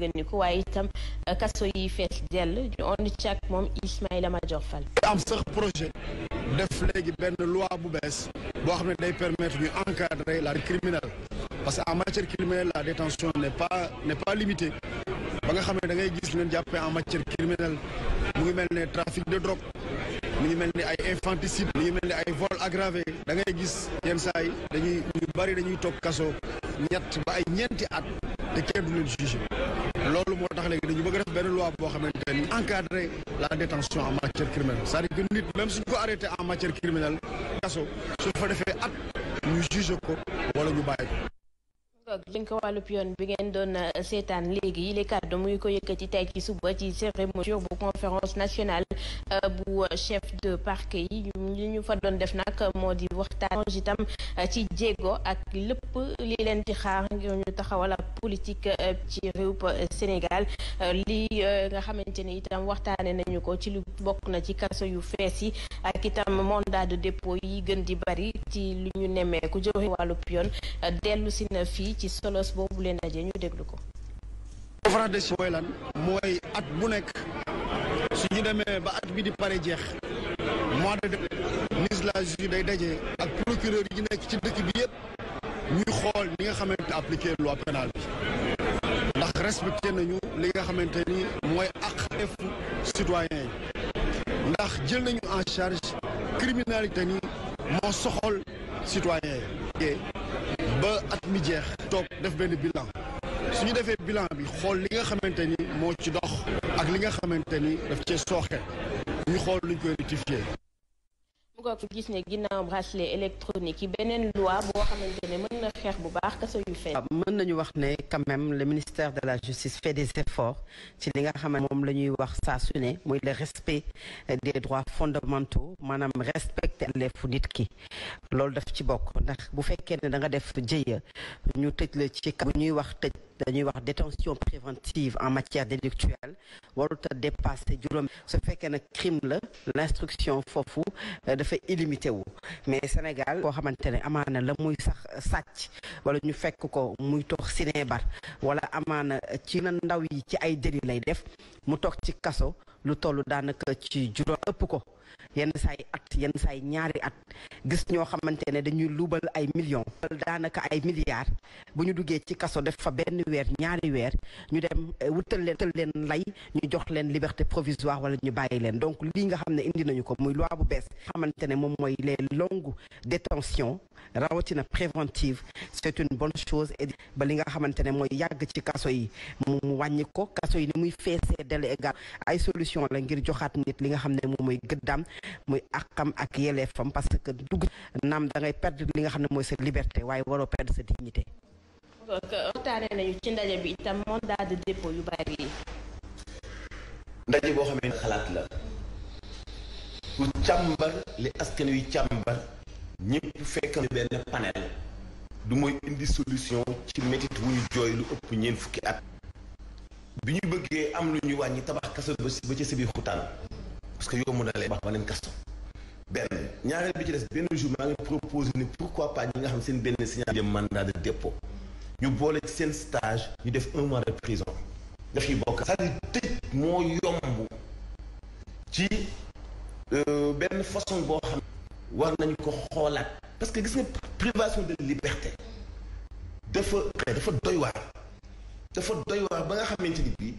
jëgganiku waaye itam euh, kaso yi fees dell ñu ond ci ak moom Ismaïla Madior Fall am sax projet def léegi benn loi bu bees boo xam ne day permettre ñu encadrer la criminelle parce que en matière criminelle la détention n'est pas n'est ba nga xam ne da ngay gis leen jàppee en matière criminelle mu ngi mel ne trafic de drogue mu ngi mel ni ay infanticide mu ngi mel ni ay vol aggravé da ngay gis yenn saa yi dañuy ñu bari dañuy toog kaso ñett ba ay ñeenti at te kenn du leen loolu moo tax léegi dañu bëgg a def benn loi boo xamante ni encadrer la détention en matière criminelle c'est-à-dire que nit même suñ ko arrêté en matière criminelle kaso su fa defee at ñu juge ko wala ñu bàyyi ko jën ko wàllub yoon bi ngeen doon euh, seetaan léegi yi li kàddu muy ko yëkkati tey ci suba ci cérémonie bu conférence nationale euh, bu euh, chef de parquet yi ñu fa doon def nag moo di waxtaan itam ci jéego ak lépp li leen di xaar ngir ñu taxawal ci réew Sénégal li nga xamante ni itam waxtaane nañu ko ci lu bokk na ci kaso yu fees yi ak itam mandat de dépôt yi gën di bari ci lu ñu nemmeeku joxe wàllub yoon dellu na fii ci solos boobu leen daje ñu ko. conférence de mooy lan mooy at bu nekk su ñu demee ba at bi di pare jeex mois de ministre de la justice day daje ak procureur yi nekk ci dëkk bi yëpp ñuy xool ni nga xamante ne appliquer loi pénale bi ndax respecté nañu li nga xamante ni mooy ak xeefu citoyen yi ndax jël nañu en charge criminalité ni moo soxol citoyen yi ba at mi jeex toog def benn bilan su ñu defee bilan bi xool li nga xamante ni moo ci dox ak li nga xamante ni def cee sooxe ñu xool luñ koy rectifier mu ko gis ne ginnaaw bracelet électronique yi beneen loi boo xamante ne mën na xeex bu baax kaso yu fees. waaw mën nañu wax ne quand même le ministère de la justice fait des efforts ci li nga xam ne moom la ñuy wax saa su ne muy le respect des droits fondamentaux maanaam respecter àlleefu nit ki loolu daf ci bokk ndax bu fekkee ne da nga def jëya ñu tëj la ci bu ñuy wax tëj. dañuy wax détention préventive en matière délictuelle warut a dépasser juróom su fekkee nag crime la l'instruction foofu euh, dafa illimité wu mais Sénégal koo xamante ne amaana la muy sax sàcc wala ñu fekk ko muy toog ciné bar wala amaana ci na ndaw yi ci ay délit lay def mu toog ci kaso lu toll daanaka ci juróom ëpp ko yenn saay at yenn saay ñaari at gis ñoo xamante ne dañuy luubal ay millions daanaka ay milliards bu ñu duggee ci kaso def fa benn weer ñaari weer ñu dem eh, wutal leen leen lay ñu jox leen liberté provisoire wala ñu bàyyi leen donc lii nga xam ne indi nañu ko muy loi bu bees xamante ne moom mooy les longues détentions rawatina préventive c'est une bonne chose et ba li nga xamante ne mooy yàgg ci kaso yi mu wàññi ko kaso yi muy feesee délai égal solution la ngir joxaat nit li nga xam ne moom mooy gëddaam muy àqam ak yelleefam parce que dugg naam da ngay perdre li nga xam ne mooy sa liberté waaye waroo perdre sa dignité. Euh, waxtaane nañu ndaje bi itam yu bari yi. ndaje boo xamee xalaat li askan wi càmbar ñëpp fekkam benn panel du mooy indi solution ci métit wu ñu jooy lu ëpp ñeent fukki at bi ñu bëggee am lu ñu wàññi tabax kaso ba ci sibi xutaan parce que yomb na leen wax ba leen kaso benn ñaareel bi ci des benn jour maa ngi proposé ni pourquoi pas ñi nga xam seen benn signal de mandat de dépôt ñu boole seen stage ñu def un mois de prison daf ñu bokk c'est-à-dire tëj moo yomb ci euh, benn façon boo xam war nañu ko xoolaat parce que gis nga privation de liberté dafa dafa doy waar dafa doy waar ba nga xamante ni bii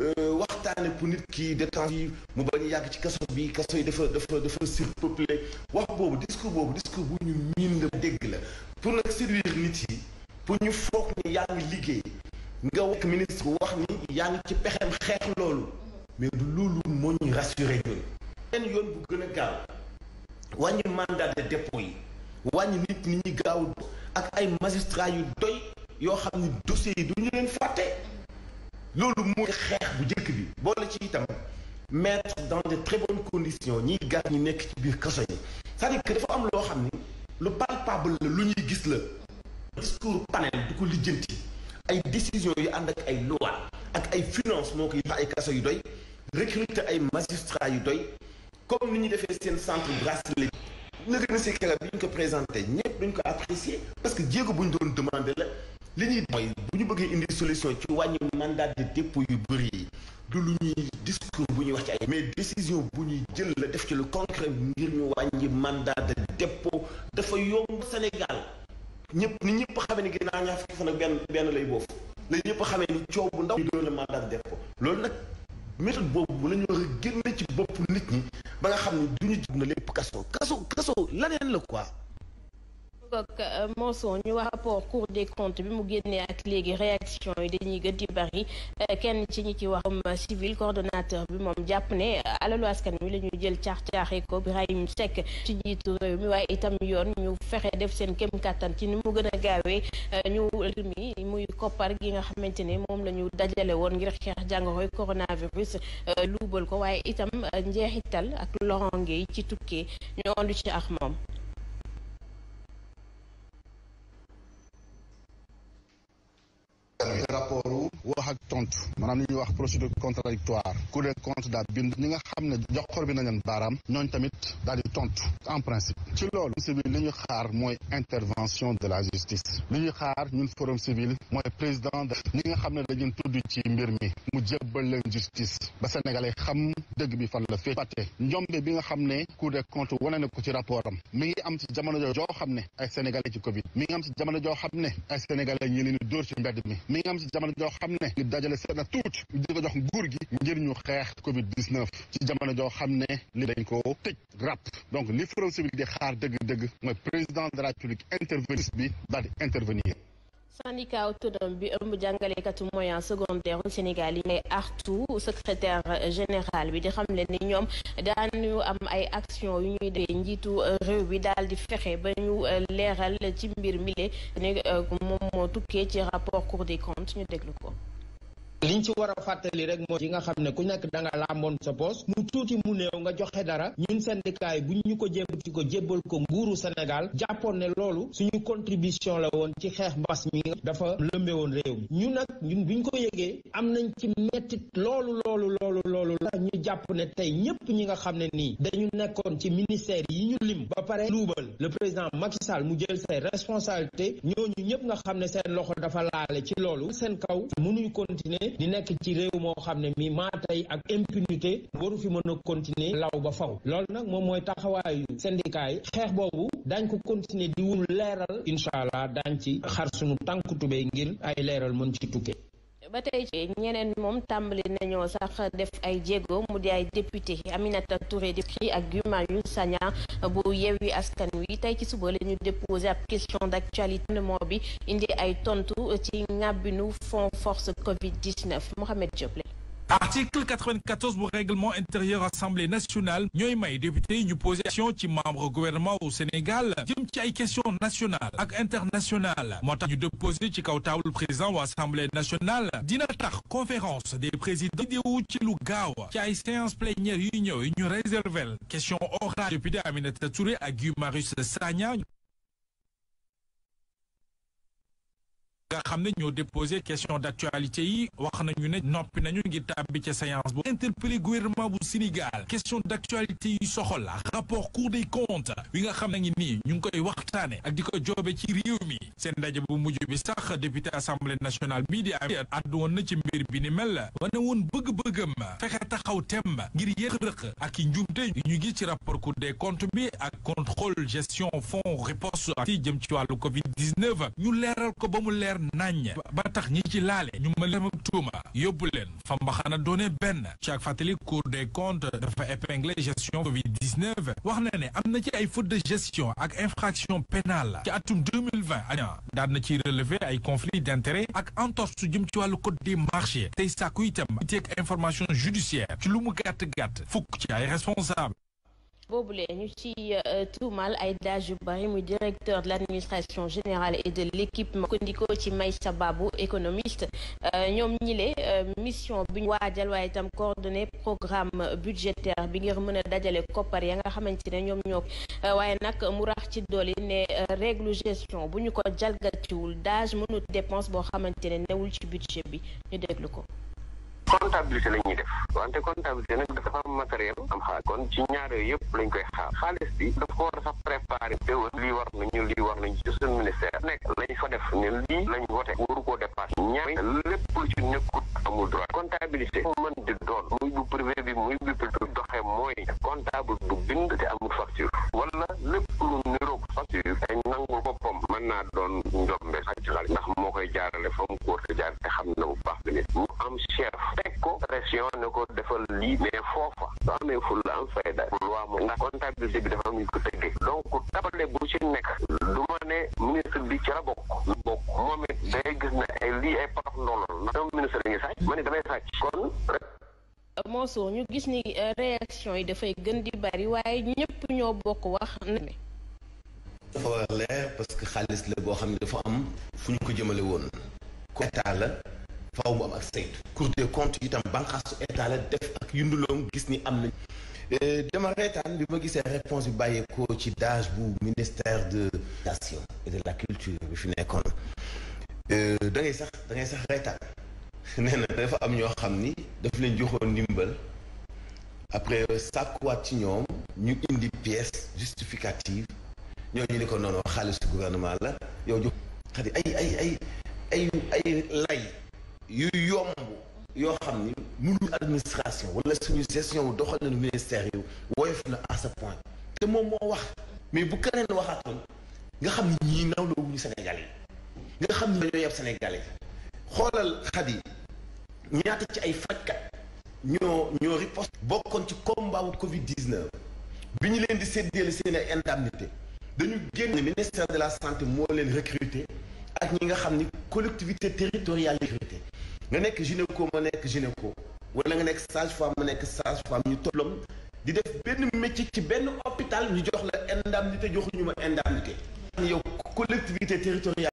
euh, waxtaane pour nit ki détente yi mu bañ yàgg ci kaso bi kaso yi dafa dafa dafa surpeuplé wax boobu discours boobu discours bu ñu miin la dégg la pour nag séduire nit yi pour ñu foog ni yaa ngi liggéey nga wax ministre wax ni yaa ngi ci pexeem xeex loolu mais du loolu moo ñu rassuré ñun. beneen yoon bu gën a gaaw wàññi mandat de dépôt yi wàññi nit ñi ñu gaaw ak ay magistrats yu doy. yoo xam ni dossiers yi duñu leen fàtte loolu mooy xeex bu njëkk bi boole ci itam mettre dans de très condition conditions ñiy gàr ñi nekk ci biir kaso yi cest dire que dafa am loo xam ni lu palpable la lu ñuy gis la discours panel du ko lijjanti ay décisions yu ànd ak ay loi ak ay finance moo ko yóbbu ay kaso yu doy recruter ay magistrats yu doy comme ni ñu defee seen centre bracelet bi naka na si keroog bi ñu ko présenté ñëpp dañ ko apprécier parce que jéego bu ñu doon demander la li ñuy mooy bu ñu bëggee indi solution ci wàññi mandat de dépôt yu bëri yi du lu ñuy discours bu ñuy wax ci ay mais décision bu ñuy jël la def ci lu concret ngir ñu wàññi mandat de dépôt dafa yomb Sénégal ñëpp ni ñëpp xamee ni ginnaaw ñaar fukki fan ak benn benn lay boofu la ñëpp xamee ni coow bu ndaw ñu doon la mandat de dépôt loolu nag méthode boobu la ñu war a génne ci bopp nit ñi ba nga xam ne du ñu na lépp kaso kaso kaso laneen la quoi Euh, Mansour ñu wax rapport Cour des comptes bi mu génnee ak léegi réaction yi dañuy gën di bari euh, kenn ci ñi ci waxum civil coordonnateur bi moom jàpp ne euh, alalu askan wi la ñu jël caax-caaxee ko Birahim Seck ci njiitu réew mi waaye itam yoon ñu fexe def seen kem kàttan ci ni mu gën a gaawee ñu mi muy koppar gi nga xamante ne moom la ñu dajale woon ngir xeex jàngoroy coronavirus luubal ko waaye itam njeexital ak lorange yi ci tukkee ñu ondu ci ak moom wax ak tontu maanaam li ñuy wax procédure contradictoire Cour des comptes nga xam ne joxor bi nañ leen baaraam ñooñ tamit daal di tontu en principe ci loolu civil li ñu xaar mooy intervention de la justice li ñu xaar ñun forum civil mooy président de nga xam ne dañu tudd ci mbir mi mu jébbal leen justice ba sénégalais xam dëgg bi fan la fee fàtte njombe bi nga xam ne ku des comptes wane na ko ci rapport am mi ngi am ci jamono joo xam ne ay sénégalais ci covid mi ngi am ci jamono joo xam ne ay sénégalais ñi leen dóor ci mbedd mi mi ngi am ci jamono joo xam ne ñu dajale seen a tuuti di ko jox nguur gi ngir ñu xeex covid 19 ci jamono joo xam ne li dañ ko tëj rap donc li France bi di xaar dëgg-dëgg mooy président de la république intervenir bi daal di intervenir syndicat autonome bi ëmb jàngalekatu moyen secondaire u Sénégal yi ngay artu secrétaire général bi di xam leen ni ñoom daanu am ay action yu ñuy defee njiitu réew bi daal di fexe ba ñu euh, leeral ci mbir mile ne euh, moom moo tukkee ci rapport Cour des comptes ñu déglu ko liñ ci war a fàttali rek mooy yi nga xam ne ku nekk da nga làmboon sa poos mu tuuti mu néew nga joxe dara ñun syndicat yi buñ ñu ko jébbati ko jébbal ko nguuru Sénégal jàppoon ne loolu suñu contribution la woon ci xeex mbas mi dafa lëmbe woon réew mi nag ñun buñ ko yëgee am nañ ci mettit loolu loolu loolu loolu la jàpp ne tey ñëpp ñi nga xam ne nii dañu nekkoon ci ministère yi ñu lim ba pare luubal le président Macky Sall mu jël say responsabilité ñooñu ñëpp nga xam ne seen loxo dafa laale ci loolu seen kaw mënuñu continuer di nekk ci réew moo xam ne mi maa tey ak impunité waru fi mën a continuer law ba faw loolu nag moom mooy taxawaayu syndicat yi xeex boobu dañ ko continuer di wunu leeral incha allah ci xar sunu tànk tubéy ngir ay leeral mën ci tukkee ba tey ci ñeneen moom tàmbali nañoo sax def ay jéego mu di ay député Aminata Touré di prix ak Guy Marius Sagna bu Yewwi Askan Wi tey ci suba la ñu déposé ab question d'actualité moo bi indi ay tontu ci ngàbbinu fond force Covid 19 Mohamed joble article 94 bu règlement intérieur assemblée nationale ñooy may député ñu position ci membre gouvernement au Sénégal jëm ci ay questions nationales ak internationales moo tax déposé ci kaw table président wu assemblée nationale dina tax conférence des présidents vidéo ci lu gaaw ci ay séance plénière yu ñëw yu ñu réservel question orale député Aminata Touré ak Guy Marius Sagna nga xam ne ñoo déposé question d'actualité yi wax nañu ne noppi nañu ngir tàbbi ca séance bu interpellé gouvernement bu Sénégal question d'actualité yi soxol rapport Cour des comptes wi nga xam ne ngi nii ñu ngi koy waxtaane ak di ko joobe ci réew mi seen ndaje bu mujj bi sax député assemblée nationale bii di addu ci mbir bi ni mel wane woon bëgg-bëggam fexe taxaw temb ngir yëq ak i njumte yu ñu gis ci rapport Cour des comptes bi ko ba mu leer naññ ba tax ñi ci laale ñu ma leen tuuma yóbbu leen fa mbaxana doone benn ci ak fàttali cour de comptes dafa épinglé gestion covid wax na ne am na ci ay faute de gestion ak infraction pénale ci atum 2020 aña daan na ci relevé ay conflit d'intérêt ak entorse su jëm ci wàllu code des marchés tey sàkku itam iteeg information judiciaire ci lu mu gàtt-gàtt fukk ci ay responsable boobule ñu ci euh, tuumal ay dage yu bari muy directeur de l'administration générale et de l'équipement kondiko ci Maïssa Babou économiste euh, ñoom ñile euh, mission bi ñu waajal waaye itam coordonné programme budgétaire bi ngir mën a dajale koppar ya nga xamante ne ñoom ñoo waaye nag mu rax ci dooli ne règle gestion bu ñu ko jalgatiwul dage mënut dépense boo xamante ne newul ci budget bi ñu déglu ko comptabilité la ñuy def wante comptabilité nag dafa am matériel am xaalis kon ci ñaar yooyu yëpp lañ koy xaar xaalis bi dafa ko war a sax préparé déwén lii war nañu lii war nañu ci suñu ministère nekk lañ fa def ne lii lañ wote waru koo dépassé ñaar lépp lu ci nekkut amul droit comptabilité mën di doon muy bu privé bi muy bu public doxee mooy comptable bu bind moom it day gis ne ay lii ay porof ndono la ndax ministre damay sàcc kon rek. ñu gis ni euh, réaction yi dafay gën di bari waaye ñëpp ñoo bokk wax ne. dafa war a parce que xaalis la boo xam ne dafa am fu ñu ko jëmale woon. ko état la faaw mu am ak saytu. Cour des comptes itam bànqaasu état la def ak yunduloom gis ni am na. Euh, dama reetaan bi ma gisee réponse bi bàyyeekoo ci daaj bu ministère de. l'éducation et de la culture bi fi nekkoon euh, da sax da ngay sax reetaan nee dafa am ñoo xam ni daf leen joxoon ndimbal après euh, sàkkuwaat ci ñoom ñu indi pièce justificative ñooñu ni ko noonu xaalisu gouvernement la yow jox xati ay ay ay ay ay lay yu yomb yoo xam ni mënul administration wala suñu gestion wu doxalinu ministère yu woyof na à ce point te moom moo wax mais bu keneen waxaatoon nga xam ni ñii naw la wuñu Sénégal yi nga xam ni ñoo yab Sénégal yi xoolal xad yi ñaata ci ay fajkat ñoo ñoo riposte bokkoon ci combat wu Covid 19 bi ñu leen di séddale seen ay indemnité dañu génn ministère de la santé moo leen recruter ak ñi nga xam ni collectivité territoriale yi recruter nga nekk gynéco ma nekk gynéco wala nga nekk sage femme ma nekk sage femme ñu tollom di def benn métier ci benn hôpital ñu jox la indemnité joxuñu ma indemnité. yow collectivité territoriale